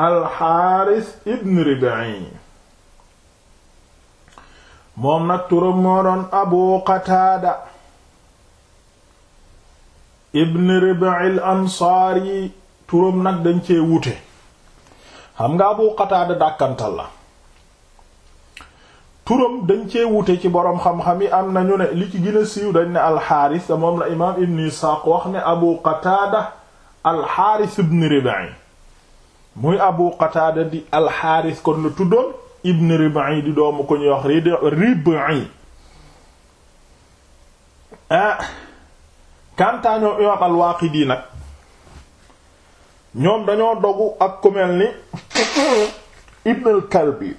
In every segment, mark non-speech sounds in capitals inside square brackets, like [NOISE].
alxaaris ibn ribai moom nag turam moo doon abu qataada ibn ribai al yi turam nag dañ cee wute xam nga abu qataada dàkkantal la turam dañ cee wute ci boroom xam-xam yi am nañu ne li ci gën a siiw dañ ne alxaaris moom la imaam ibn isxaaq wax ne abu qataada alxaaris ibn ribai muy abu qataada di alxaaris kon la tuddoon ibn ribai di doomu ko ñuy wax ribai ah kantaa ñoom imaam alwaaqidi nag ñoom dañoo dogu ak ku mel ni [COUGHS] ibn alkalbi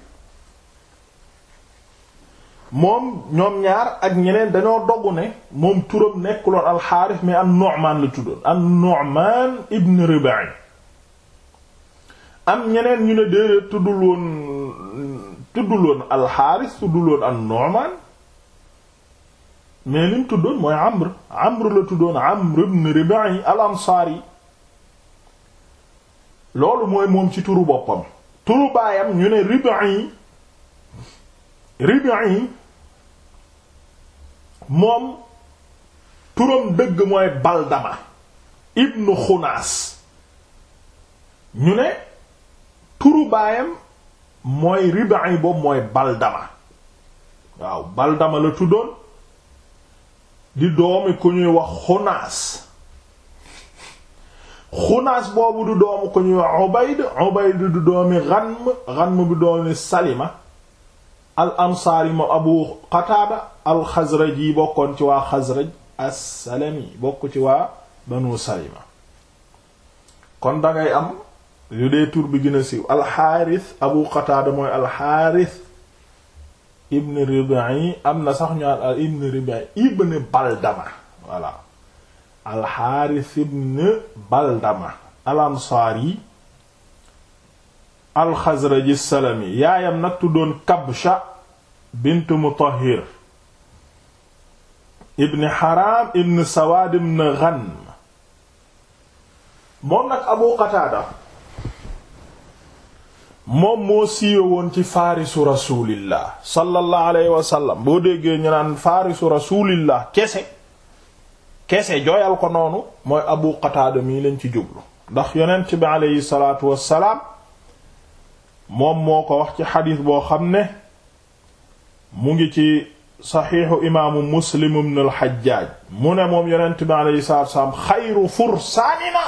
moom ñoom ñaar ak ñeneen dañoo dogg ne moom turam nekkuloon alxaaris mais an nu'man la tuddoon an nu'man ibn ribai am ñeneen ñu ne déedéet tuddul woon tuddul woon alxaaris tuddul woon an Nu'man mais lim tuddoon mooy Amr Amr la tuddoon Amr ibn Rib'i al Ansaari loolu mooy moom ci turu boppam turu baayam ñu ne Rib'i Rib'i moom turam dëgg mooy Baldama ibn Xunaas ñu ne turu baayam mooy Rib'i boobu mooy Baldama waaw Baldama la tuddoon di doomi ku ñuy wax Xunaas Xunaas boobu du doomu ku ñuy wax Ubayd Ubayd du doomi Ghanm Ghanm bu doomi Salima al ansaari ma Abu Qataada al Xazraji bokkoon ci waa Xazraj as-Salami bokk ci waa Banu Salima kon dangay am yu dee tur bi alxaaris abu qataada mooy alxaaris ibn ribai am na sax ñu al ibn ribai ibn baldama voilà alxaaris ibn baldama al ansaari alxazraji salami yaayam nag tuddoon kabsha bint mutahhir ibn haram ibn sawaad ibn ghanm moom nag abu qataada moom moo siiwe woon ci faarisu rasulillah sallallahu alayhi wa sallam boo déggee ñu naan faarisu rasulillah kese kese jooyal ko noonu mooy abu qataada mii lañ ci jublu ndax yonent bi aleyhi salaatu wassalaam moom moo ko wax ci xadiis boo xam ne mu ngi ci saxiixu imaamu muslim ibn al-Hajjaaj mu ne moom yonent bi aleyhi salaatu wassalaam xayru fursaanina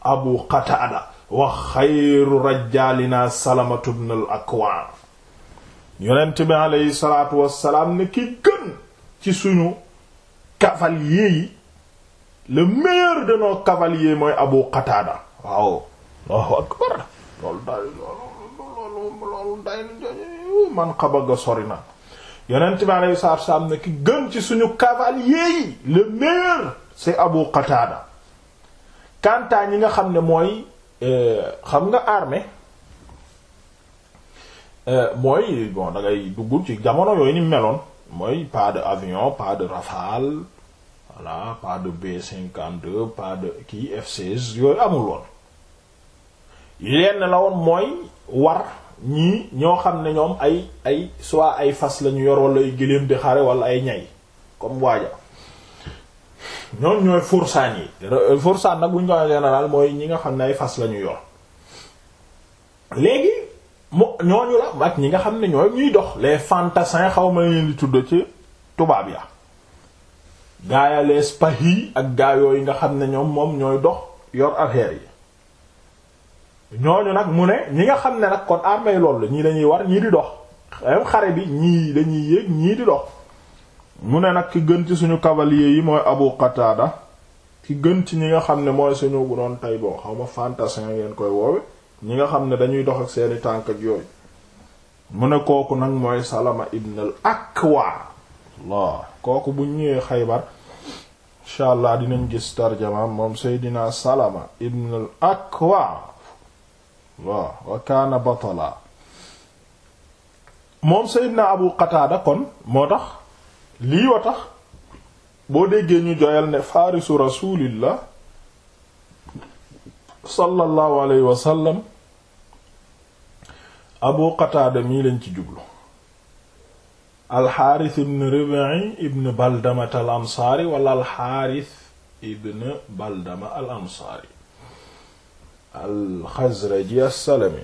abu qataada wa xayru rajaalina salamatu bnu al akwa yonent bi aleyhi salaatu wassalaam ne ki gën ci suñu cavalier yi le meilleur de nos cavaliers mooy abu qataada waaw loolu day loolu loolu day man xabaga sori yonent bi aleyhi salaatu ne ki gën ci suñu cavalier yi le meilleur c'est abu qataada kantaa ñi nga xam ne mooy Euh, xam nga armée euh, mooy bon da ngay ci jamono yooyu ni meloon mooy pas de avion pas de rafale voilà pas de B-52 pas de kii F-16 yooyu amul woon lenn la woon mooy war ñii ñoo xam ne ñoom ay ay soit ay fas la ñu yor wala ay gëléem di xare wala ay ñay comme waaja ñoom ñooy fursaan yi euh, fursaan nag bu ñu ko général mooy ñi nga xam ne ay fas lañu ñu yor léegi mu ñooñu la ak ñi nga xam ne ñooy ñuy dox les fantassins xaw ma leen di tudd ci tubaab ya gaaya les spahi ak gaayoo yi nga xam ne ñoom moom ñooy dox yor affaire yi ñooñu nag mu ne ñi nga xam ne nag kon armée loolu la ñii dañuy war ñii di dox xare bi ñii dañuy yéeg ñii di dox mu ne nag ki gën ci suñu cavalier yi mooy Abu Qatada ki gën ci ñi nga xam ne mooy suñu bu doon tey boo xaw ma fantassin ngeen koy woowe ñi nga xam ne dañuy dox ak seeni tànk ak yooyu mu ne kooku nag mooy Salama ibn al Akwa Allah kooku bu ñëwee Xaybar incha dinañ gis tarjama moom Seydina Salama ibn al kaana batala moom Seydina Abu Qatada kon moo tax lii wa tax boo déggee ñu joyal ne faarisu rasulillah sallallahu alayhi wa sallam abu qataada mii lañ ci jublu alxaaris ibn Rib'i ibn Baldama al ansaari wala ibn Baldama al alxazraji assalami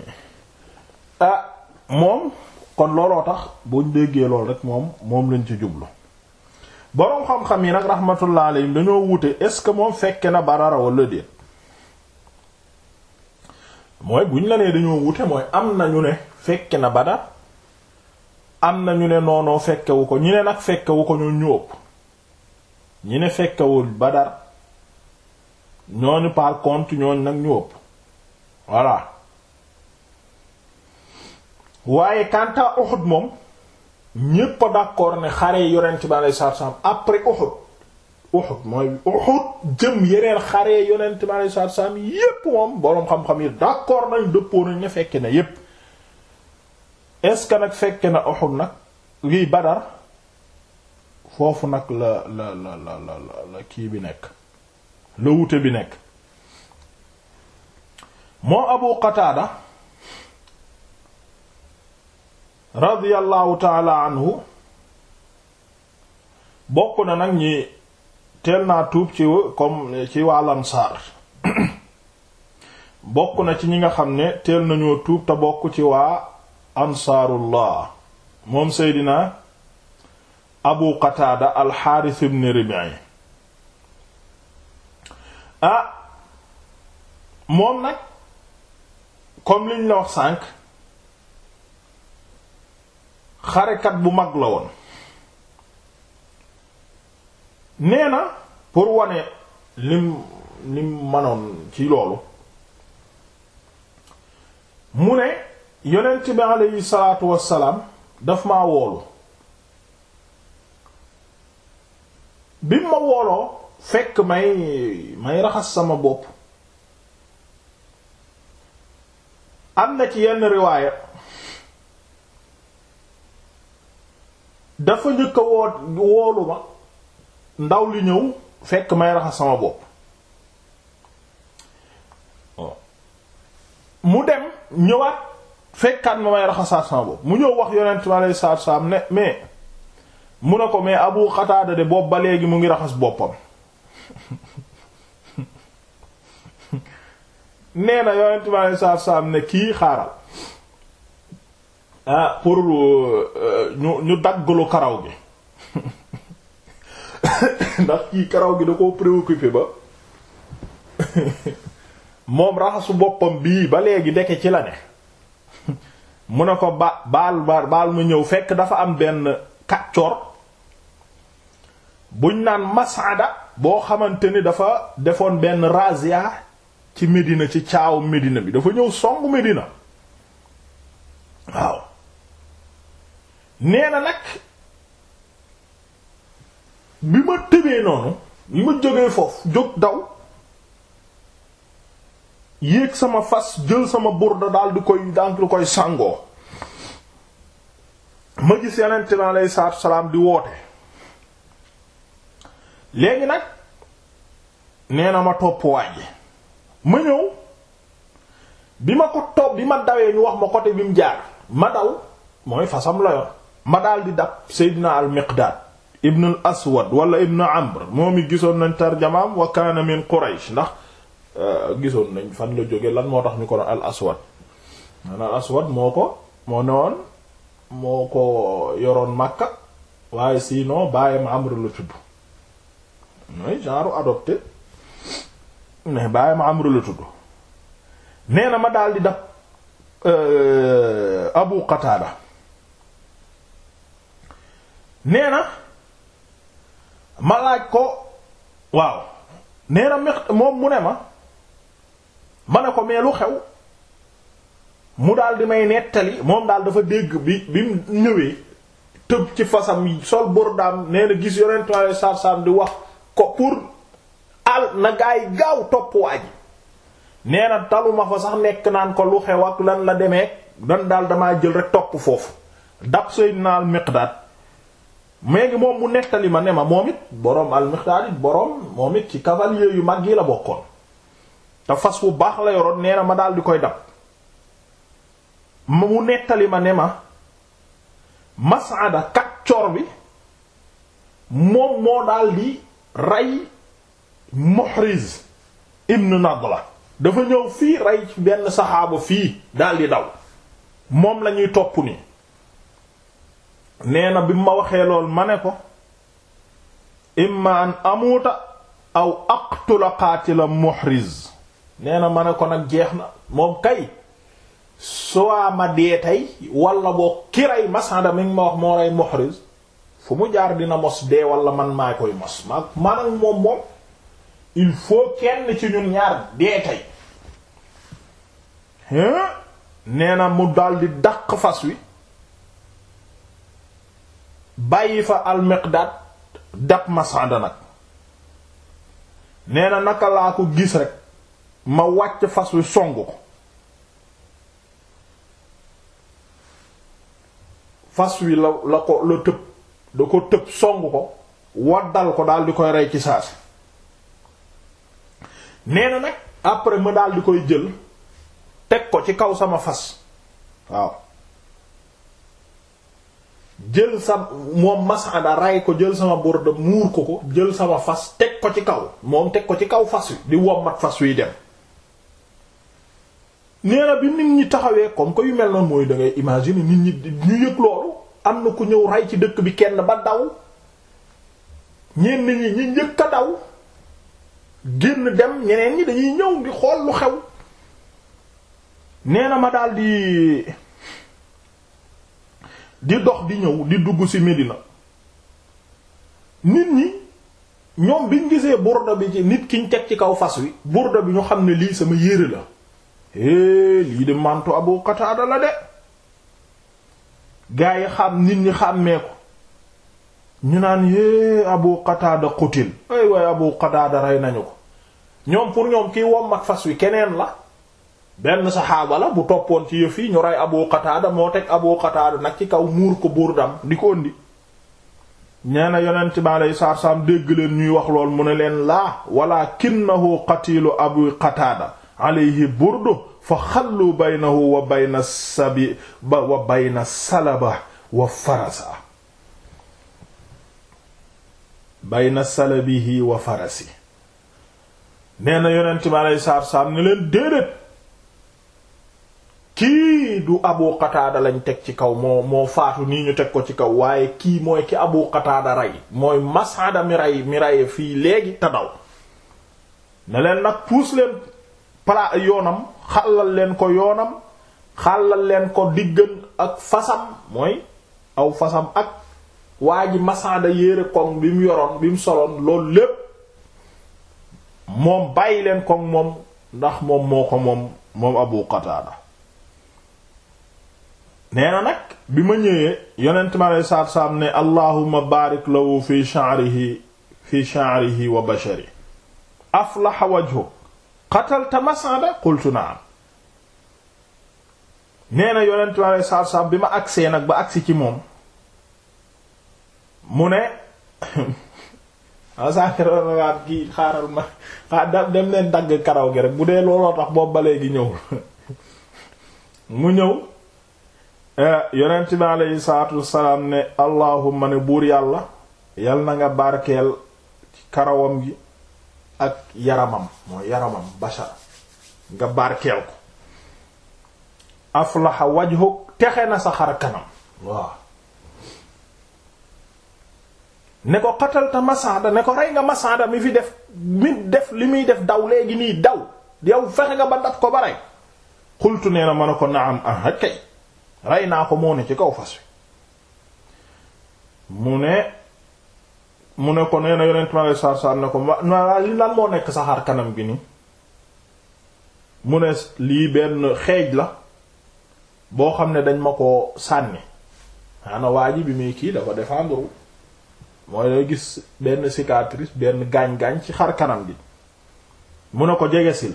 ah moom kon looloo tax buñ déggee lool rek moom moom lañ ci jublu boroom xam-xam yi nag rahmatullah alayhim dañoo wute est-ce que moom fekke na barara wala déet mooy buñ la nee dañoo wute mooy am na ñu ne fekke na badar am na ñu ne noonoo fekkewu ko ñu ne nag fekkewu ko ñun ñu ëpp ñu ne fekkewul badar ñooñu par contre ñooñu nag ñu ëpp voilà waaye kanta Uhud moom ñépp a d'accord ne xare yonent bi alayhi salaatu salaam après Uhud Uhud mooy Uhud jëm yeneen xare yi yonent bi alayhi salaatu salaam yépp moom boroom xam-xam yi d'accord nañ dëppoo nañ ne fekke na yépp est-ce que nag fekke na Uhud nag lii Badar foofu nag la la la la la kii bi nekk la wute bi nekk moo Abu Qataada radiyallahu taala anhu bokk na nag ñi teel naa tuub ci comme ci waa lansaar [COUGHS] bokk na ci ñi nga xam ne teel nañoo tuub te bokk ci waa ansaarullah moom seydina abu qataada alxaaris ibn ribi ah moom nag comme liñ la wax sànq xarekat bu mag la woon nee na pour wane lim lim manoon ci loolu mu ne yonent bi aleyhi salaatu wassalaam daf maa woolu bi ma wooloo fekk may may raxas sama bopp am na ci yenn riwaaya dafa njëkk a woolu ma ndaw lu ñëw fekk may raxas sama bopp mu dem ñëwaat fekkaat ma may raxasaat sama bopp mu ñëw wax yonent ma lay saat saam ne mais mu ne ko mais Abu Xataada de bopp ba léegi mu ngi raxas boppam [LAUGHS] nee na yonent ma lay saat saam ne kii xaaral ah pour euh, euh, ñu ñu karaw gi [COUGHS] ndax kii karaw gi da koo préoccupé ba [COUGHS] moom raxasu boppam bii ba léegi ndeke ci la ne [COUGHS] mu ne ko ba baal baal mu ñëw fekk dafa am benn kàccoor buñ naan masada boo xamante ni dafa defoon benn rasia ci Médina ci caawu Médina bi dafa ñëw songu Médina waaw nee na nag bi ma tëbee noonu bi ma jógee foofu jóg daw yéeg sama fas jël sama burda daal di koy daal di koy sàngoo ma gis yonent bi aleyhi salaam di woote léegi nag nee na ma topp waaji ma ñëw bi ma ko topp bi ma dawee ñu wax ma côté bi mu jaar ma daw mooy fasam layoon ma daal di dab Seydina al Miqdaad ibn al Aswad wala ibn Amr moom it gisoon nañ tarjamaam wa kaana min Quraysh ndax euh, gisoon lañ fan la jóge lan moo tax ñu ko doon al Aswad maanaam al Aswad moo ko moo ne woon moo ko yoroon Makka waaye sinon baayam Amr la tudd nee na ma daal di dab euh, Abu Qataada nee na ma laaj ko waaw nee na moom mu ne ma ma ne ko mais lu xew mu daal di may nettali moom daal dafa dégg bi bi mu ñëwee tëb ci fasam yi sol burdaam nee na gis yonent Yàlla sarsam di wax ko pour al na gaa yi gaaw topp waa ji nee na taluma fa sax nekk naan ko lu xew ak lan la demee dan daal damaa jël rek topp foofu dab Sayyidina al Miqdaad léegi moom mu nettali ma ne ma moom it boroom al boroom moom it ci cavalier yu mag yi la bokkoon te fas bu baax la yoroon nee na ma daal di koy dab mu nettali ma ne ma Mas'ada kaccoor bi moom moo daal di rey Muhriz ibn Nadla dafa ñëw fii rey ci benn saxaaba fii daal di daw moom la ñuy topp nii nee na bi ma waxee lool ma ne ko imma an amuuta aw aqtula qaatila muhriz nee na ma ne ko nag jeex na moom kay soo ma dee tey wala boo kiray masanda mi ngi ma wax moo rey muhriz fu mu jaar dina mos dee wala man maa koy mos maa maanag moom moom il faut kenn ci ñun ñaar dee tey nee na mu daldi dàq fas wi bàyyi fa al-Miqdaad dab Mas'ada nag nee na naka laa ko gis rek ma wàcc fas wi songu ko fas wi la la ko la tëb da ko tëb song ko waddal ko daal di koy rey ci saasi nee na nag après ma daal di koy jël teg ko ci kaw sama fas waaw jël sa moom masada ray ko jël sama burda muur ko ko jël sama fas teg ko ci kaw moom teg ko ci kaw fas wi di wommat fas wi dem nee bi nit ñi taxawee comme que yu mel noonu mooy da ngay imaginer nit ñi ñu yëg loolu am na ku ñëw ray ci dëkk bi kenn ba daw ñenn ñi ñi njëkk a daw génn dem ñeneen ñi dañuy ñëw di xool lu xew neena ma ma di di dox di ñëw di dugg ci Medina nit ñi ñoom biñ gisee burda bi ci nit kiñ teg ci kaw fas wi burda bi ñu xam ne lii sama yére la é lii de manto Abu Qatada la de gaa yi xam nit ñi xàmmee ko ñu naan é Abu Qatada qutil ay waaye Abu Qatada rey nañu ko ñoom pour ñoom kiy wom fas wi keneen la benn saxaaba la bu toppoon ci yëf yi ñu rey Abu Qataada moo teg Abu Qataada nag ci kaw muur ko burdam di ko ëndi ñee na yonent bi dégg leen ñuy wax lool mu ne leen laa walaakinnahu qatiilu Abu Qataada aleyhi burdu fa xallu baynahu wa bayna sabi wa bayna salaba wa farasa bayna salabihi wa farasi nee na yonent bi aleyhi salaatu salaam ne leen déedéet kii du abu qataada lañ teg ci kaw moo moo faatu nii ñu teg ko ci kaw waaye kii mooy ki abu qataada rey mooy masada mi rey mi rey fii léegi te daw nag puus leen pala yoonam xàllal leen ko yoonam xàllal leen ko diggan ak fasam mooy aw fasam ak waa masaada yére koŋ bi mu yoroon bi mu soloon loolu lépp moom bàyyi leen koŋ moom ndax moom moo ko moom moom abu qataada neena nag bi ma ñëwee yonent ma lay saat saam ne allahumma baarik lahu fi sha'rihi fi sha'rihi wa bashari aflaha wajhu qatalta mas'ada qultu na'am nee na yonent bi ma agsee nag ba agsi ci moom mu ne waaw [LAUGHS] sànqronawaat gi xaaral ma xaa da dem leen dagg karaw gi rek bu dee looloo tax boobu ba léegi ñëwul [LAUGHS] mu ñëw Eh, yonent bi aleyhi salaatu ne allahumma ne buur yàlla yal na nga barkeel karawam gi ak yaramam mooy yaramam bashar nga barkeel ko aflaha wajhuk texe na sa xar kanam waaw ne ko qatalta masada ne ko rey nga masada mi fi def mi def li muy def daw léegi nii daw yow fexe nga ba daf ko ba rey xultu nee na mën a ko naam ahakay rey naa ko moo ne ci kaw fas wi mu ne mu ne ko nee na yonent mi alei satu ne ko ma li lan moo nekk saxaar kanam gi nii mu ne lii benn xeej la boo xam ne dañ ma ko sànni xanaa waa ji bi muy kii dafa défendre mooy lay gis benn cicatrice benn gaañ-gaañ ci xar kanam gi mu ne ko jege sil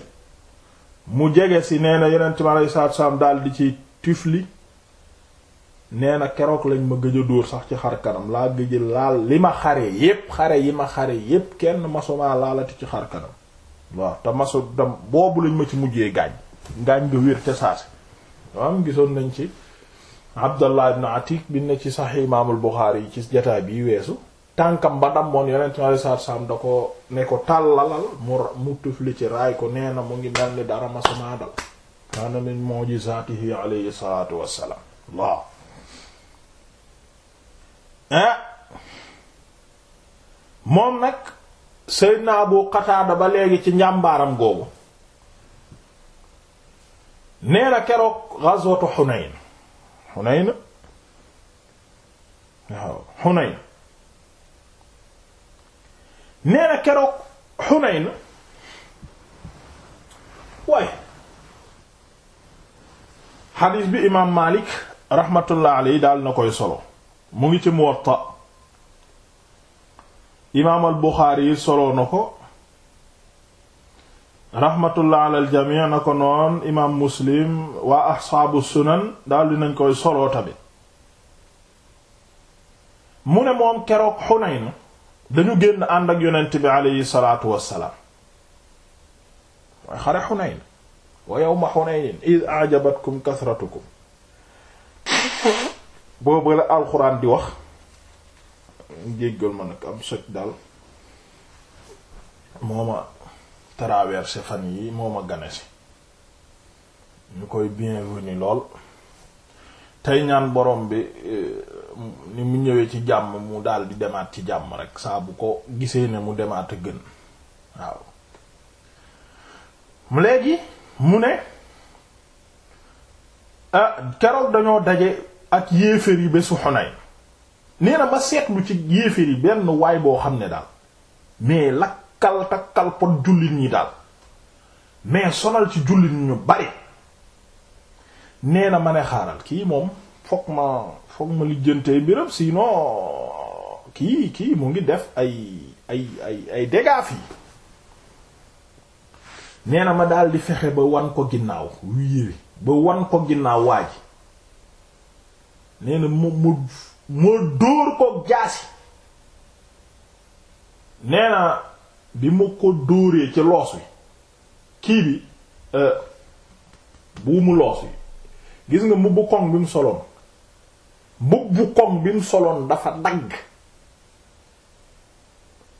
mu jege si nee na yonent mi alei satu salaam daal di ci tifli nee na keroog lañ ma gëj dóor sax ci xar kanam laa gëj a laal li ma xare yépp xare yi ma xare yépp kenn masuma laalati ci xar waaw te masu dam boobu lañ ma ci mujjee gaañ gaañ nga wér ca saasi am gisoon nañ ci Abdallah ibn Atik bi ne ci Sahih Imaamul Buxaari yi ci jataay bi weesu tànkam ba dammoon yonent mi alayhi salaatu salaam da ko ne ko tàllalal mu mu tufli ci raay ko nee na mu ngi mel ni dara masuma dal kaana min mu'jizaatihi alayhi salaatu wassalaam waaw ah moom nag Seydina Abu Qataada ba léegi ci njàmbaaram googu nee na keroog ghazwatu Hunayn Hunayn waaw keroog Hunayn waay xadiis bi imaam Maalik rahmatullah alayhi daal na koy solo mu ngi ci Muwatta imaam al Buxaari yi soloo na ko raxmatullah ala aljami na ko noon imaam Muslim waa asxaabu sunan daldi nañ koy soloo tamit mu ne moom keroog Xunayn dañu génn ànd ak yonent bi aleyhi salaatu wassalaam mooy xare Xunayn wa yawma Xunayn id ajabatkum kasratukum boobu la alxuraan di wax jéggal ma nag am soj daal moo ma traversé fan yi moo ma gane ñu koy bienvenu lool tey ñaan borom bi eh, ni mu ñëwee ci jàmm mu daal di demaat ci jàmm rek saa bu ko gisee ne mu demaat a gën waaw mu léegi mu ne ah keroog dañoo daje ak yéeféer yi bésu xunay nee na ma seetlu ci yéeféer yi benn waay boo xam ne daal mais lakkal takkal pot jullit ñi daal mais sonal ci jullit ñu bari neena ma ne xaaral kii moom foog ma foog ma lijjantee mbiram sinon kii kii mu ngi def ay ay ay ay dégâts fii na ma daal di fexe ba wan ko ginnaaw wu ba wan ko ginnaaw waa ji nee na mu mu dóor ko jaasi nee bi mu ko dóoree ci loos wi kii bi euh, buumu loos wi gis nga mubbu koŋ bi mu soloon mubbu koŋ bi mu soloon dafa dagg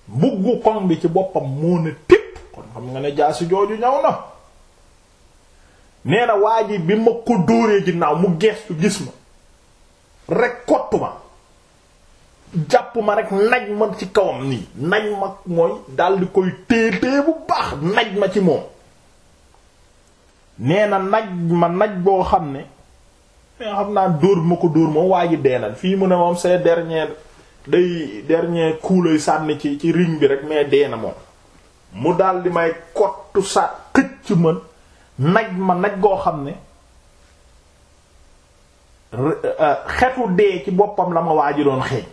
mbuggu koŋ bi ci boppam moo ne tipp kon xam nga ne jaasi jooju ñaw na nee na waa ji bi ma ko dóoree ginnaaw mu geestu gis ma rek kottu ma jàpp ma rek naj ma ci kawam nii naj ma mooy daldi koy téetee bu baax naj ma ci moom nee na naj ma naj boo xam ne mais xam naa dóor ma ko dóor moom waa ji deenal fii mu ne moom c'est dernier day dernier coup lay sànni ci ci ring bi rek mais na moom mu daldi may kottu sa xëcc ma naj ma naj goo xam ne Euh, xetu dee ci boppam la ma waa ji doon xeeñ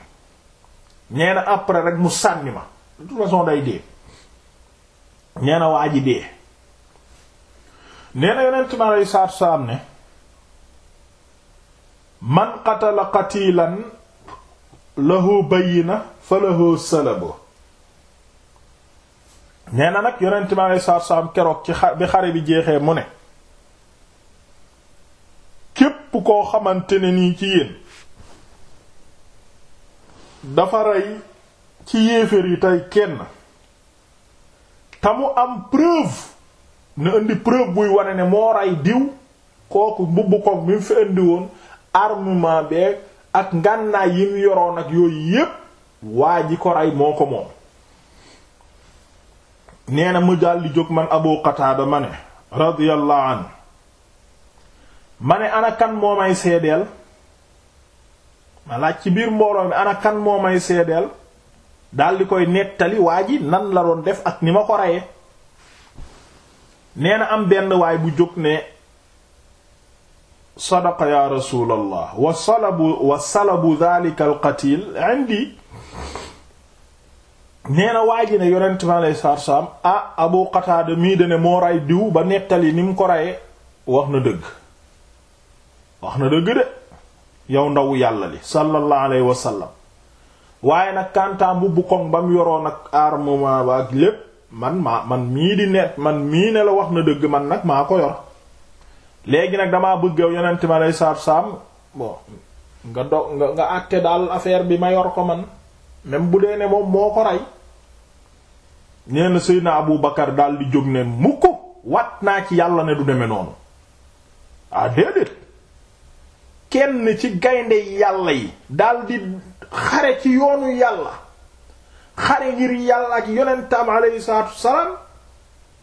nee après rek mu sànni ma de toute façon day dee nee na waa ji dee nee na yonent mi aleyhi salaatu salaam ne man qatala qatilan lahu bayyina fa lahu salabu nee na nag yonent mi aleyhi salaatu salaam keroog ci xa bi xare bi jeexee mu ne képp koo xamante ne nii ci yéen dafa rey ci yéeféer yi tey kenn tamu am preuve na indi preuve buy wane ne moo rey diw kooku mbubb koog bi fi indi woon armement beeg ak ngànnaay yi mu yoroon ak yooyu yépp waa ji ko rey moo ko moom nee na mu daldi jóg man Abu Qataada ma ne radiyallahu anhu ma ne ana kan moo may seedeel ma laaj ci biir mbooloo mi ana kan moo may seedeel di koy nettali waa ji nan la doon def ak ni ma ko reye nee na am benn waay bu jóg ne sadaqa ya rasulallah wa salabu wa salabu dhalika alqatil indi nee waa ji ne yonent mi alei saatu moo ray diw ba nettali ni mu ko reye wax na dëgg wax na dëgg de yow ndawu yàlla li sallallahu waaye nag kantaan bu bu koŋ ba mu yoroon ak armement ba ak lépp man maa man mii di net man mii ne la wax na dëgg man nag maa ko yor léegi nag damaa bëgg yow yonent ma lay saab saam nga do nga nga daal affaire bi ma yor ko man même bu dee ne moom moo ko rey nee na Seydina Abu Bakar daal di jóg ne mu ko wat naa ci yàlla ne du demee noonu ah déedéet kenn ci gaynde yàlla yi daldi xare ci yoonu yàlla xare ngir yàlla ak yonentam alayhi salaatu wassalaam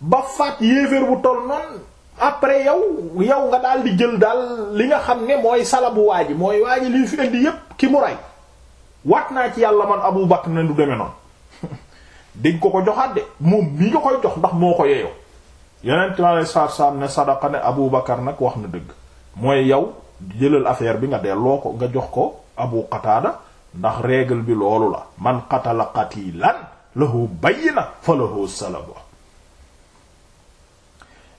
ba faat yéeféer bu toll noonu après yow yow nga di jël daal li nga xam ne mooy salabu waa ji mooy waa ji li fi indi yépp ki mu rey wat naa ci yàlla man Abu Bakr na du deme noonu [LAUGHS] dañ ko ko joxaat de moom mii nga koy jox ndax moo ko yeyoo yonentam alayhi salaatu ne sadaqa ne Abu Bakr nag wax na dëgg mooy yow jëlal affaire bi nga delloo ko nga jox ko abu qataada ndax règle bi loolu la man qatala qatilan lahu bayyina fa lahu salabu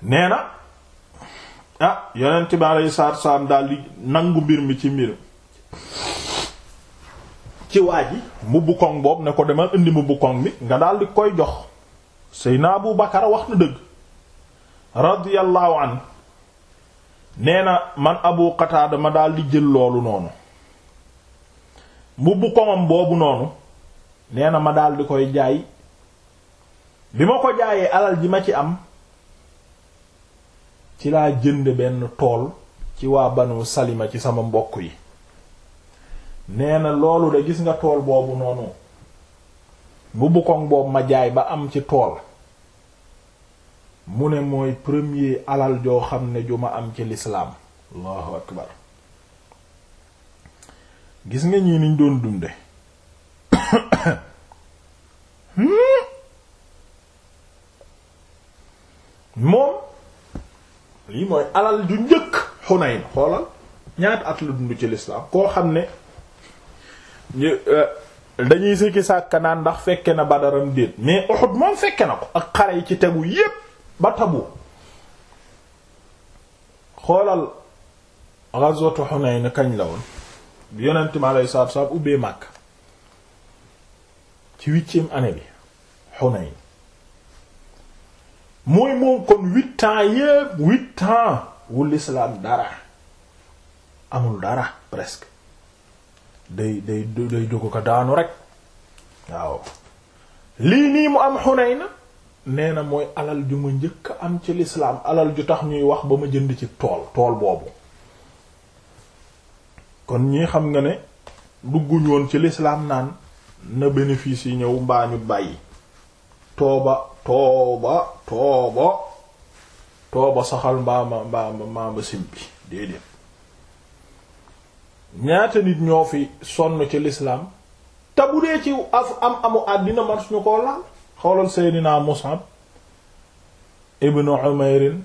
nee na ah yonent bi alayhi salaatu salaam daal di nangu mbir mi ci mbir ci waa ji mubbu koŋ boobu ne ko demal indi mubbu koŋ bi nga daal di koy jox Seydina Abu Bakar wax na dëgg radiyallahu anhu nee na man abu qataada ma daal jël loolu noonu mbubb komam boobu noonu nee na ma daldi koy jaay bi ma ko jaayee alal ji ma ci am ci laa jënd benn tool ci waa banu salima ci sama mbokk yi nee na loolu de gis nga tool boobu noonu mbubb koŋ boobu ma jaay ba am ci tool mu ne mooy premier alal joo xam ne ju ma am ci lislaam allahu akbar gis nga ñii niñ doon dunde hmm? moom lii mooy alal ju njëkk Xunayn xoolal ñaata at la dund ci lislaam koo xam ne euh, dañuy sikki sàkka naan ndax fekke na badaram déet mais Uhud moom fekke na ko ak xare yi ci tegu yépp ba tabu xoolal ghazwatu Hunayn kañ la woon bi yonent mi alayhi salaatu ubbee Makka ci huitième année bi Hunayn mooy moom kon huit yépp huit wu lislaam dara amul dara presque day day day dugg ko daanu rek waaw lii nii mu am Hunayn nee na mooy alal ju ma njëkk am ci lislaam alal ju tax ñuy wax ba ma jënd ci tool tool boobu kon ñii xam nga ne dugguñ woon ci lislaam naan na bénéfice yi ñëw mbaa ñu bàyyi tooba tooba tooba tooba saxal mbaa ma mbaa mbaa ma simpi déedéet ñaata nit ñoo fi sonn ci lislaam te bu dee ci af am amu àddina man suñu koo laal xoolal seydina Mus'ab ibnu Umayrin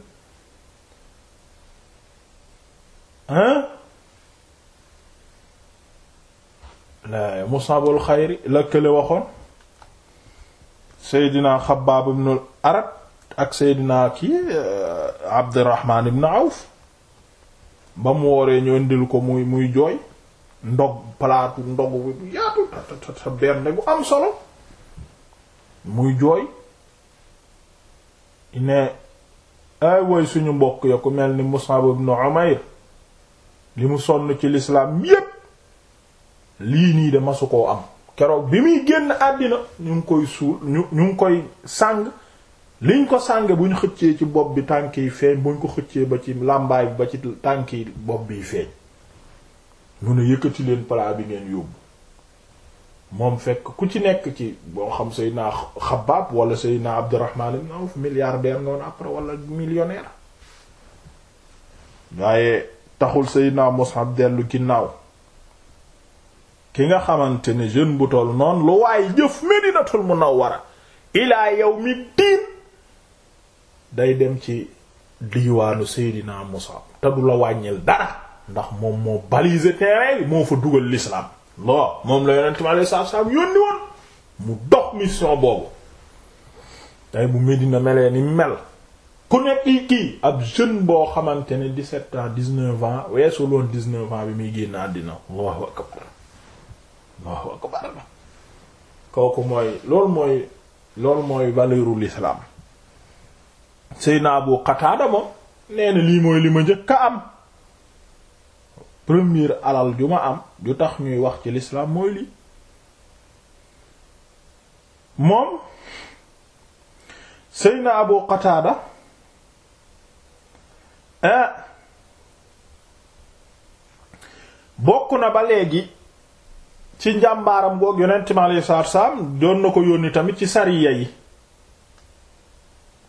hein la Mus'abul xayri la kële waxoon seydinaa Xabbaab ibnul Arad ak seydinaa kii euh, Abdurrahmaan ibnu Awf ba mu wooree ñu indil ko muy muy jooy ndog palaatu ndog bi bu yaatu ta ta ta benn bu am solo muy jooy ne ay woy suñu mbokk ya ku mel ni Mus'ab ibn Umayr li mu sonn ci lislaam yépp lii nii de masu koo am keroog bi muy génn àddina ñu ngi koy suul ñu ñu ngi koy sàng liñ ko sànge buñ xëccee ci bopp bi tànk feeñ bu ko xëccee ba ci làmbaay bi ba ci tànk bopp biy feeñ mu ne yëkkati leen palaa bi ngeen yóbbu moom fekk ku ci nekk ci boo xam Seydina Xabbaab wala Seydina Abdurrahman ibn Awf milliardaire nga woon après wala millionnaire waaye taxul Seydina Mus'ab dellu ginnaaw ki nga xamante ne jeune bu toll noonu lu waaye jëf Medinatul Munawwara ilaa yawmi diin day dem ci diiwaanu Seydina Mus'ab te du la wàññil dara ndax moom moo balisé terrain moo fa dugal l'islam lo moom la yonent mi alayhi salaatu salaam yónni woon mu dox mission boobu tey bu Medina melee ni mel ku nekk kii ab jeune boo xamante ni dix-sept ans dix bi muy génnaa dina Allahu akbar Allahu akbar kooku mooy loolu mooy loolu mooy valeurul islam Seydina Abu Qatada moom nee na lii mooy li ma njëkk a am première alal ju ma am ju tax ñuy wax ci l'islam mooy lii moom Seydina Abu Qatada eh, bokk na ba léegi ci njàmbaaram goog yonent mi alayhi salaatu salaam doon na ko yónni tamit ci sariya yi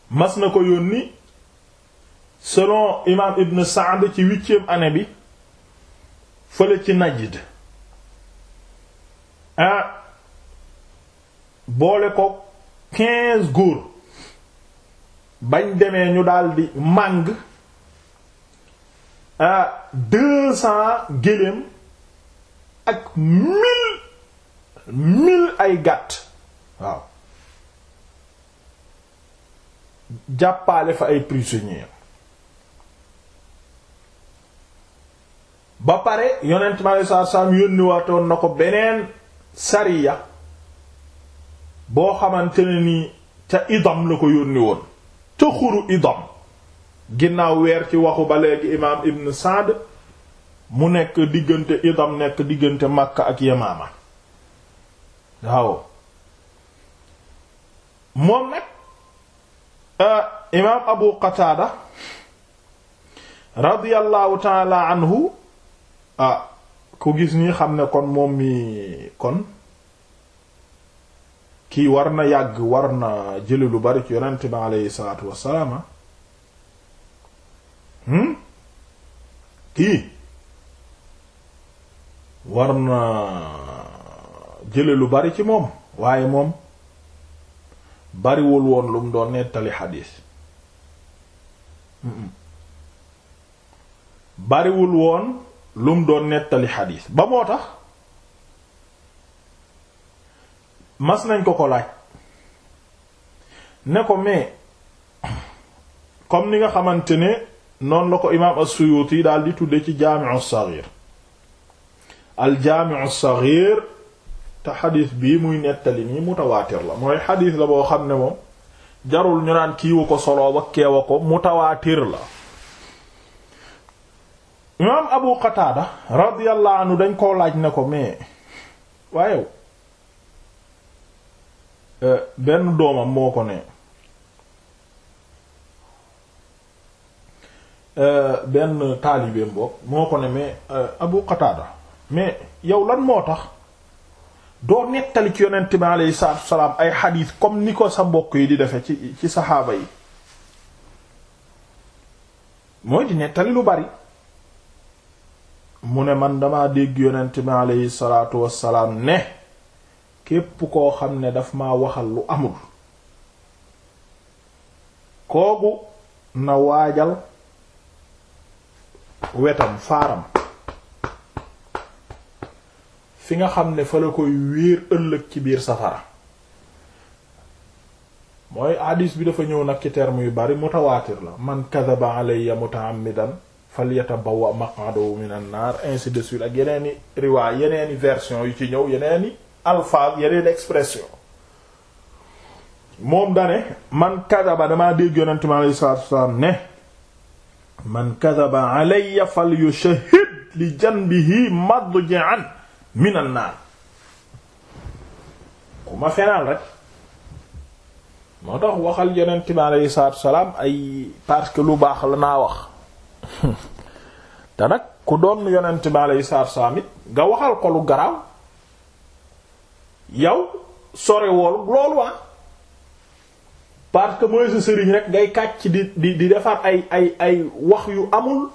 mas na ko yónni selon imam Ibn Sa'd ci huitième année bi fële ci Najd ah boole ko quinze góor bañ demee ñu daldi màng ah deux cents géléem ak mille mille ay gàtt waaw jàppale fa ay prisonniers ba pare yonent mi alei saatu salaam na ko beneen sariya boo xamante ne ni ca idom la ko yónni woon ca xuru idam ginnaaw weer ci waxu ba léegi imaam ibn Saad mu nekk diggante idam nekk diggante Makka ak Yamaama waaw moom nag euh, imaam Abu Qataada radiyallahu taala anhu ah ku gis ni xam ne kon moom mi kon kii war na yàgg war na jële lu bari ci yonent bi aleyhi salaatu wassalaama hmm? kii war na jële lu bari ci moom waaye moom bariwul woon lu mu doon nettali xadiis bariwul woon lum doon nettali xadiis ba moo tax mas nañ ko ko laaj ne ko mais comme ni nga xamante ne noon la ko imaam as-Suyuti daal di tudde ci jaami'u as-Saghir al-jaami'u as-Saghir te xadiis bii muy nettali nii mutawaatir la mooy xadiis la boo xam ne moom jarul ñu naan kiiwu ko soloo ba keewa ko mutawaatir la imaam Abu Qataada radiyallahu anhu dañ koo laaj ne ko mais waaye euh, benn doomam moo ko ne euh, benn taalibeem boobu moo ko ne mais euh, Abu Qataada mais yow lan moo tax doo nettali ci yonent bi aleyhi salaatu ay xadiis comme ni ko sa mbokk yi di defe ci ci saxaaba yi mooy di nettali lu bari mu ne man dama dégg yonent bi aleyhi salaatu wassalaam ne képp koo xam ne dafa ma waxal lu amul kooku na waajal wetam faaram fi nga xam ne fa la koy wéer ëllëg ci biir safara mooy hadis bi dafa ñëw nag ci term yu bari mutawaatir la man kadaba alayya mutaammidan falyatabawwa maq'adahu minan nar ainsi de suite ak yeneen i yu ci ñëw yeneen i alpha yeneen expression moom dane man kadaba damaa dégg yonente mi alayhi salaatu wasalaam ne man kadaba alayya falyushahhid li janbihi madji'an minan nar ku ma fenal rek moo tax waxal yonente mi alayhi salaatu wasalaam ay parce que lu baax la naa wax te nag ku doon yonent bi aleyhi salaatu salaam nga waxal ko lu garaaw yow sore woolu loolu waa ah. parce que mooy sa sëriñ rek ngay kàcc di di di defar ay ay ay wax yu amul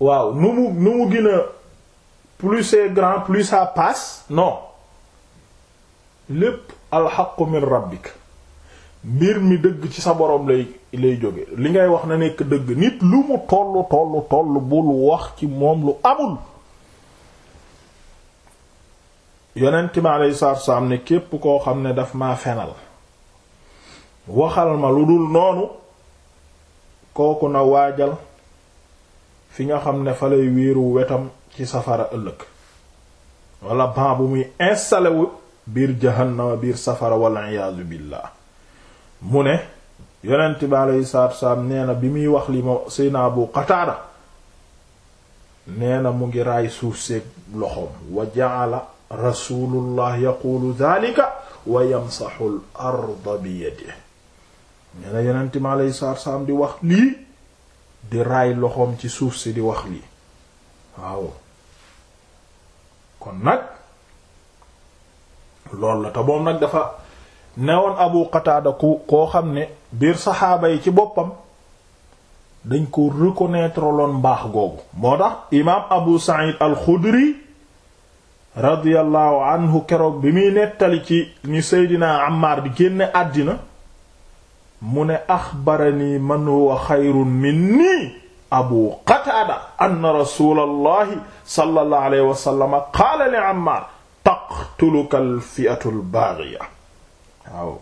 waaw nu mu nu mu gën a plus c'est grand plus ça passe lépp alxaqu min rabbik mbir mi dëgg ci sa borom lay lay jóge li ngay wax na nekk dëgg nit lu mu tollu tollu tollu bul wax ci moom lu amul yonent mi alayhi salaatu salaam ne képp koo xam ne daf ma fenal waxal ma lu dul noonu kooku na waajal fi nga xam ne fa lay wéeru wetam ci safara ëllëg walla ban bu muy installé wu biir jahannama biir safara wal iyaazu billah mu ne yonent bi aleyhi salaatu wasalaam nee bi muy wax li ma Seydina Abu Qataada nee mu ngi raay suuf seeg loxoom wa ja'ala rasulullah yaqulu dhalika wa yamsahu al bi yadihi nee na yonent bi aleyhi salaatu di wax lii di raay loxoom ci suuf si di wax lii waaw kon nag loolu la te nag dafa newoon abu qataada ku koo xam ne biir saxaaba yi ci boppam dañ ko reconnaître loon mbaax googu moo tax imaam abu sa'id al-xudri radiyallahu anhu keroog bi mu nettali ci ni seydina ammaar di génne àddina mu ne axbarani man huwa xayrun minni abu qataada anna rasulallahi sallallahu alayhi wa sallam li ammaar taqtuluka al-fi'atu al-baaghiya waaw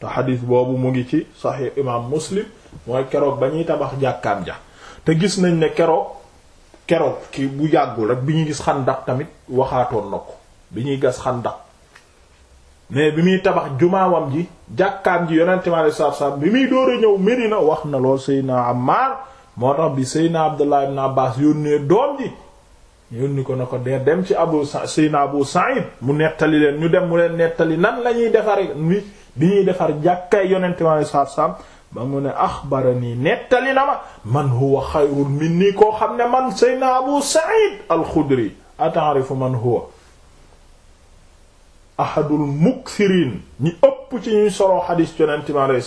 te xadis boobu mu ngi ci saxi imaam muslim mooy keroog ba ñuy tabax jàkkaam ja te gis nañ ne keroog keroog ki bu yàggul rek bi ñuy gis xandax tamit waxaatoon na ko bi ñuy gas xandax mais bi muy tabax jumaawam ji jàkkaam ji yonente mi alei satu bi muy door a ñëw na wax na lool Seydina Ammar moo tax bi Seydina Abdullah ibn Abbas yónnee doom ji yónni ko na ko de dem ci abu sayna abu sa'id mu nettali leen ñu dem mu leen nettali nan lañuy ñuy defar bi ñuy defar jàkkaay yonente mi alei satu salaam ba mu ne axbarani nettali na ma man huwa xayrun minni koo xam ne man sayna abu sa'id al-xudri ata'rifu man huwa ahadul mukthiriin ñi ëpp ci ñuy soroo xadiis yonente mi alei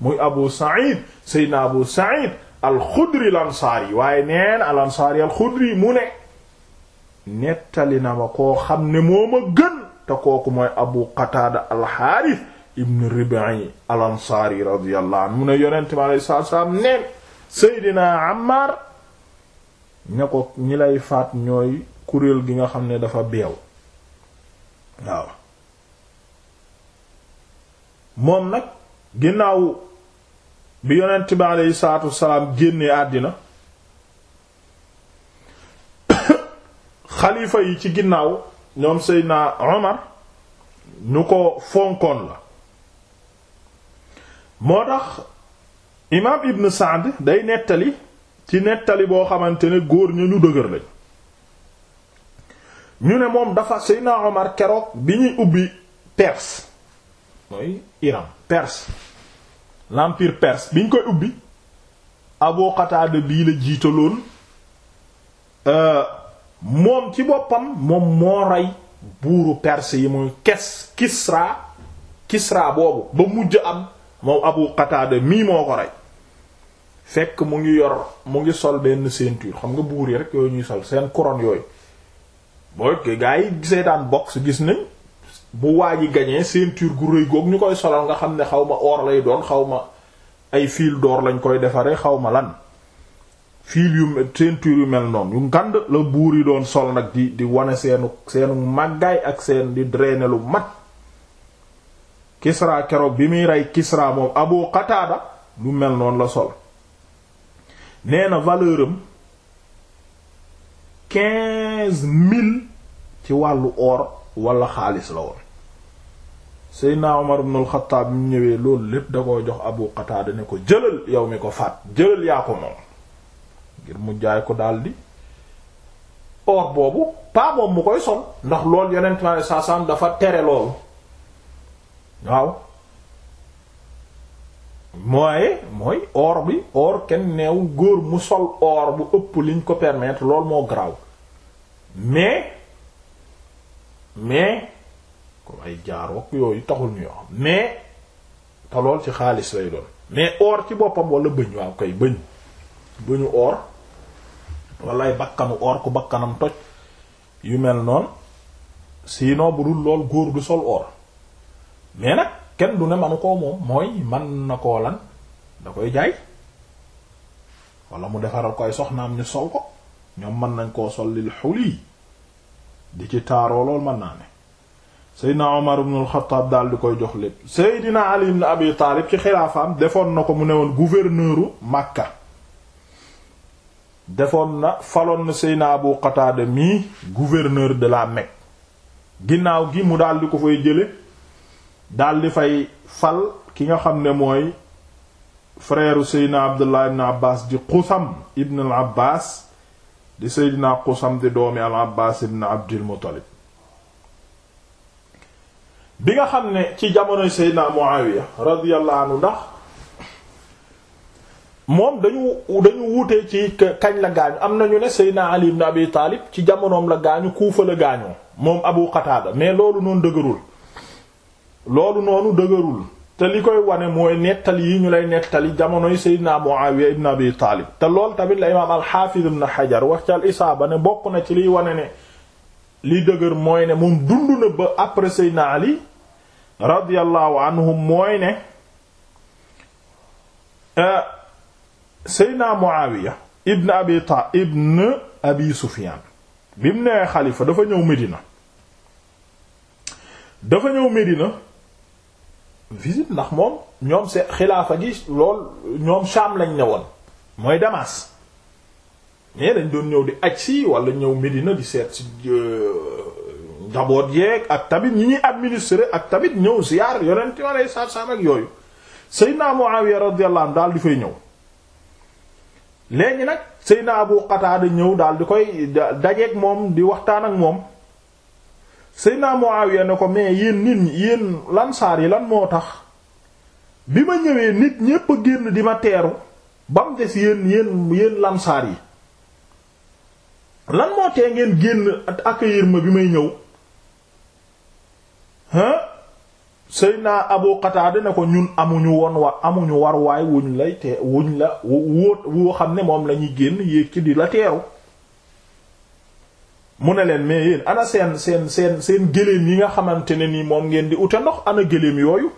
muy abu sa'id sayna abu sa'id al-xudri al-ansaari waaye neen al-ansaari al-xudri mu ne nettali na ma koo xam ne moo ma gën te kooku mooy abu qataada alxaaris ibn ribai al ansaari radiyallahu mu ne yonent mi alei saatu salaam neen seydina ammaar ña ko ñi lay faat ñooy kuréel gi nga xam ne dafa beew waaw moom nag ginnaaw bi yonent bi aleyhi salatu wasalaam génne àddina xalifa yi ci ginnaaw ñoom Seydina Omar ñu ko fonkoon la moo tax imaam Ibn Saad day nettali ci nettali boo xamante ne góor ñu ñu dëgër lañ ñu ne moom dafa Seydina Omar keroog bi ñuy ubbi Perse mooy Iran Perse l'empire perse biñ koy ubbi Abu bii la jiitaloon. Euh, moom ci boppam moom moo rey buuru perse yi muy kes kisra kisra boobu ba mujj am moom abu qataada mii moo ko rey fekk mu ngi yor mu ngi sol benn ceinture xam nga buur yi rek yooyu ñuy sol seen couronne yooyu boo gaa yi seetaan box gis nañ bu waa ji gañee ceinture gu rëy goog ñu koy solal nga xam ne xaw ma or lay doon xaw ma ay fiil d'or lañ koy defaree xaw ma lan fiil yu ceinture mel noonu yu ngand la buur yi doon sol nag di di wane seenu seenu màggaay ak seen di drainer lu mat Kisra keroog bi muy rey Kisra moom Abu Qatada lu mel noonu la sol nee na valeur ci wàllu or wala xaalis la woon Seydina Omar ibn al-Khattab mu ñëwee loolu lépp da koo jox Abu Qatada ne ko jëlal yow mi ko faat jëlal yaa ko moom ngir mu jaay ko daldi or boobu paa moom mu koy sol ndax lool yonent ma saa saam dafa tere loolu waaw mooy mooy or bi or kenn neewul góor mu sol or bu ëpp liñ ko permettre loolu moo garaaw mais mais comme ay jaar wak yooyu taxul ñu wax mais te lool ci xaalis lay doon mais or ci boppam wala bëñ waaw koy bëñ bëñu or walaay bakkanu or ku bakkanam toj yu mel noonu sinon bu dul lool góor du sol or mais nag kenn du ne manu koo moom mooy man na ko lan da koy jaay wala mu defaral soxna soxnaam ñu sol ko ñoom mën nañ koo sol lil xuli di ci taaroo lool mën naa ne seydina omar ibn al-Khattab daal di koy jox lépp seydina ali ibn abi taalib ci xilaafaam defoon na ko mu ne woon gouverneuru Makka defoon na faloon na Seyna Abu Qatada mii gouverneur de la Mecque ginnaaw gi mu daldi ko fay jële daldi fay fal ki nga xam ne mooy frère Seyna Abdullah ibn Abbas di Qusam ibn al Abbas di Seydina Qusam di doomi al Abbas ibn Abdul Muttalib bi nga xam ne ci jamonoy Seydina Muawiya radiyallahu anhu ndax moom dañu dañu wutee ci kañ la gaañu am nañu ne Seydina Ali ibn Abi Taalib ci jamonoom la gaañu Kuufa la gaañoo moom Abu Qataada mais loolu noonu dëgërul loolu noonu dëgërul te li koy wane mooy nettali yi ñu lay nettali jamonoy Seydina Muawiya ibn Abi Taalib te lool tamit la imaam al-Hafiz ibn Hajar wax ci al-Isaaba ne bokk na ci liy wane ne li dëgër mooy ne moom dund na ba après Seydina Ali radiyallahu anhum mooy ne euh, Seydina Muawiya ibn Abi Ta ibn Abi Sufyan bi mu nee xalifa dafa ñëw Medina dafa ñëw Medina visite ndax moom ñoom seen xilaafa gi lool ñoom Sham lañ ne woon mooy Damas mais dañ doon ñëw di aj si wala ñëw Medina di seet si euh, njaboot yeek ak tamit ñu ñuy administrer ak tamit ñëw ziyaar yonent ma lay saar saam ak yooyu Seydina Muawiya radiyallahu anhu daal di fay ñëw léegi nag Seydina Abu Qatada ñëw daal di koy dajeeg moom di waxtaan ak moom Seydina Muawiya ne ko mais yéen nit ñi yéen lansaar yi lan moo tax bi ma ñëwee nit ñépp a génn di ma teeru ba mu des yéen yéen lansaar yi lan moo tee ngeen génn accueillir ma bi may ñëw naa Abu Qatada ne ko ñun amuñu woon wa amuñu war waay wuñ lay te wuñ la wóot woo xam ne moom lañuy génn yéeg ci di la teeru mu ne leen mais yéen ana seen seen seen seen gëléem yi nga xamante ne nii moom ngeen di ute ndox ana gëléem yooyu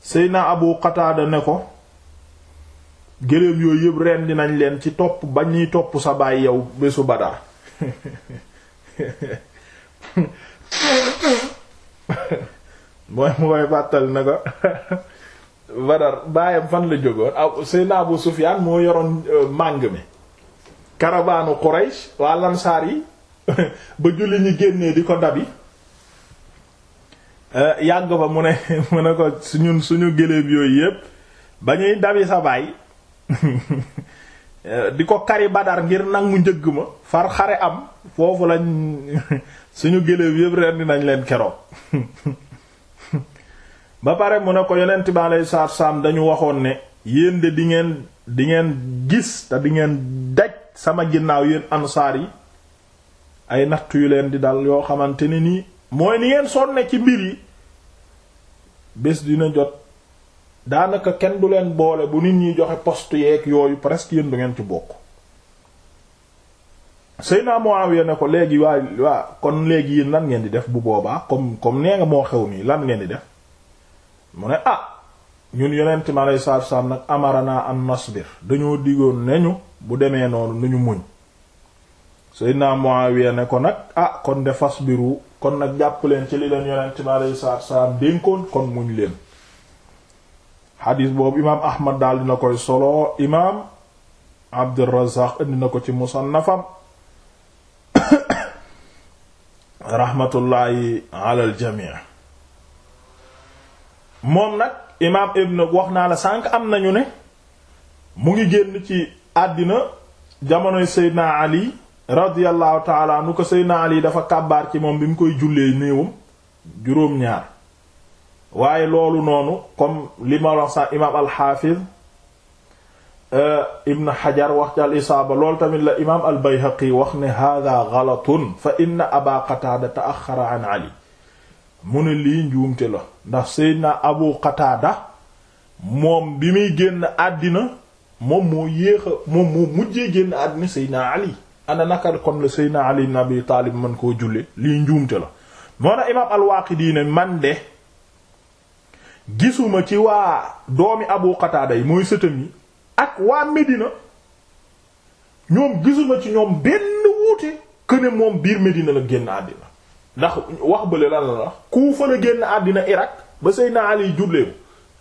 sëy Seydina Abu Qatada ne ko gëléem yooyu yëpp ren dinañ leen ci topp ba ñuy topp sa baay yow bésu Badar [LAUGHS] mooy mu koy bàttal na ko Badar baayam fan la jógoon aw Seydina Abu Sufyaan moo yoroon euh, màng mi karabaanu Quraysh waa lansaar yi [LAUGHS] ba julli ñu génnee di ko dabi euh, yàgg ba mu ne [LAUGHS] mu ne ko suñun suñu géléem yooyu yépp ba ñuy dabi sa baay [LAUGHS] euh, di ko kari Badar ngir nangu njëgg ma far xare am foofu lañ suñu géléem yépp rendi nañ leen keroog ba pare mu ne ko yeneen bi alayhi salaatu salaam dañu waxoon ne yéen de di ngeen di ngeen gis te di ngeen daj sama ginnaaw yéen ansaar yi ay naxtu yu leen di dal yoo xamante ni nii mooy ni ngeen sonne ci mbir yi bés dina jot daanaka kenn du leen boole bu nit ñi joxe post yeeg yooyu presque yéen du ngeen ci bokk naa Seyna Muawiya ne ko léegi waa waa kon léegi yéen lan ngeen di def bu boobaa comme comme nee nga moo xew nii lan ngeen di def mu ne ah ñun yonent mi aleyhi salaatu salaam nag amarana an nasbir dañoo digoon nañu bu demee noonu nu ñu muñ Seydina Muawiya ne ko nag ah kon de fasbiru kon nag jàpp leen ci li leen yonent mi aleyhi salaatu salaam dénkoon kon muñ leen xadiis boobu imaam Ahmad daal dina koy solo imaam Abdurrazaaq indi na ko ci musannafam [COUGHS] raxmatullaahi alal jamii moom nag imaam ibn wax naa la sànq am nañu ne mu ngi génn ci àddina jamonoy Seydina Ali radiyallahu taala nu ko Seydina Ali dafa kàbbaar ci moom bi mu koy jullee néewam juróom-ñaar waaye loolu noonu comme li ma wax sax imaam al euh, Ibn Hajar wax ci al-Isaaba loolu tamit la imaam al wax ne hada galatun fa inna Aba Qataada ta'axxara an Ali mu ne lii njuumte la ndax Seydina Abu Qatada moom bi muy génn àddina moom moo yéex a moom moo mujjee génn àddina Seydina Ali ana naka kon la Seydina Ali ibn Taalib mën koo jullee lii njuumte la moo na imaam al-Waaqidi man de gisuma ci waa doomi Abu Qatada yi mooy sëtam yi ak waa Medina ñoom gisuma ci ñoom benn wuute que ne moom biir Medina la génn àddina ndax wax bële lan la wax Kufa la génn àddina Irak ba Seydina Ali jullee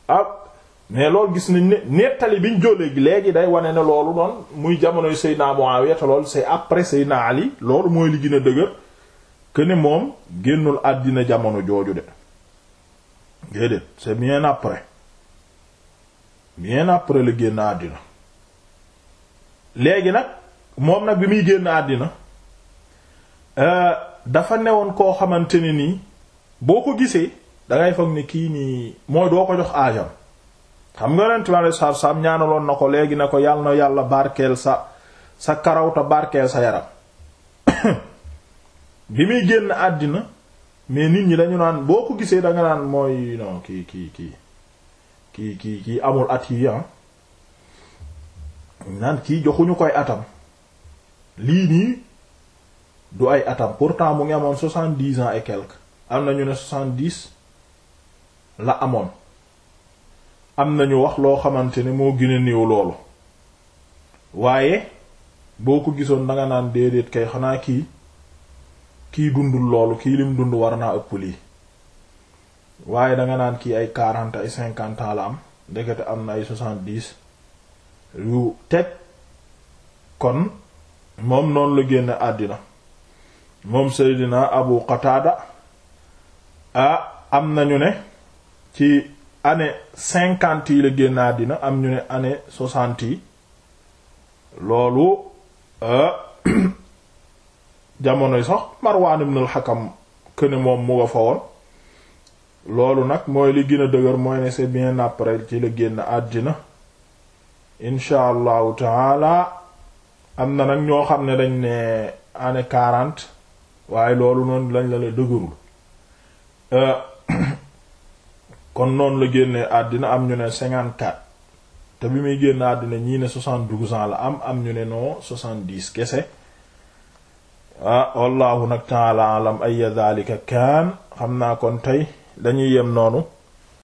ah mais loolu gis nañ ne nettali bi ñu jóolee gi léegi day wane ne loolu noonu muy jamonoy Seydina Muawiya te lool c'est après Seydina Ali loolu mooy li gën a dëgër que ne moom génnul àddina jamono jooju de déedéet c'est bien après bien après la génn àddina léegi nag moom nag bi muy génn àddina. Euh, dafa newoon koo xamante ni nii boo ko gisee dangay foog ni kii nii mooy doo ko jox aajam xam nga yonent bi alayhi salaatu ñaanaloon na ko léegi ne ko yàlla na yàlla barkeel sa sa karawta barkeel sa yaram [COUGHS] bi muy génn àddina mais nit ñi dañu naan boo ko gisee danga naan mooy non ki kii kii ki ki amul at yi ah naan kii joxuñu koy atam lii nii du ay atam pourtant mu ngi amoon soixante-dix ans et quelques am na ñu ne soixante-dix la amoon am na ñu wax loo xamante ne moo gën a néew loolu waaye boo ko gisoon danga naan déedéet kay xanaa kii kii dundul loolu kii lim dund war naa ëpp lii waaye danga naan kii ay quarante ay cinquante la am ndekete am na ay soixante-dix yu teg kon moom noonu la génn àddina moom Seydina Abu Qatada ah am nañu ne ci année cinquante yi la génn àddina am ñu ne année soixante yi loolu [CLEARS THROAT] jamonoy sax Marwaan ibn al-Hakam këne moom mu nga fa woon loolu nag mooy li gën a dëgër mooy ne c'est bien après ci la génn àddina incha allahu taala am na nag ñoo xam ne dañ ne année quarante waaye loolu noonu lañ la la dëgërul euh, [COUGHS] kon noonu la génnee àddina am ñu ne cinquante-quatre te bi muy génn àddina ñii ne soixante-douze ans la am am ñu ne noo soixante-dix kese ah wallahu nag ta'ala alam ay dhalika kaan xam naa kon tey dañuy yem noonu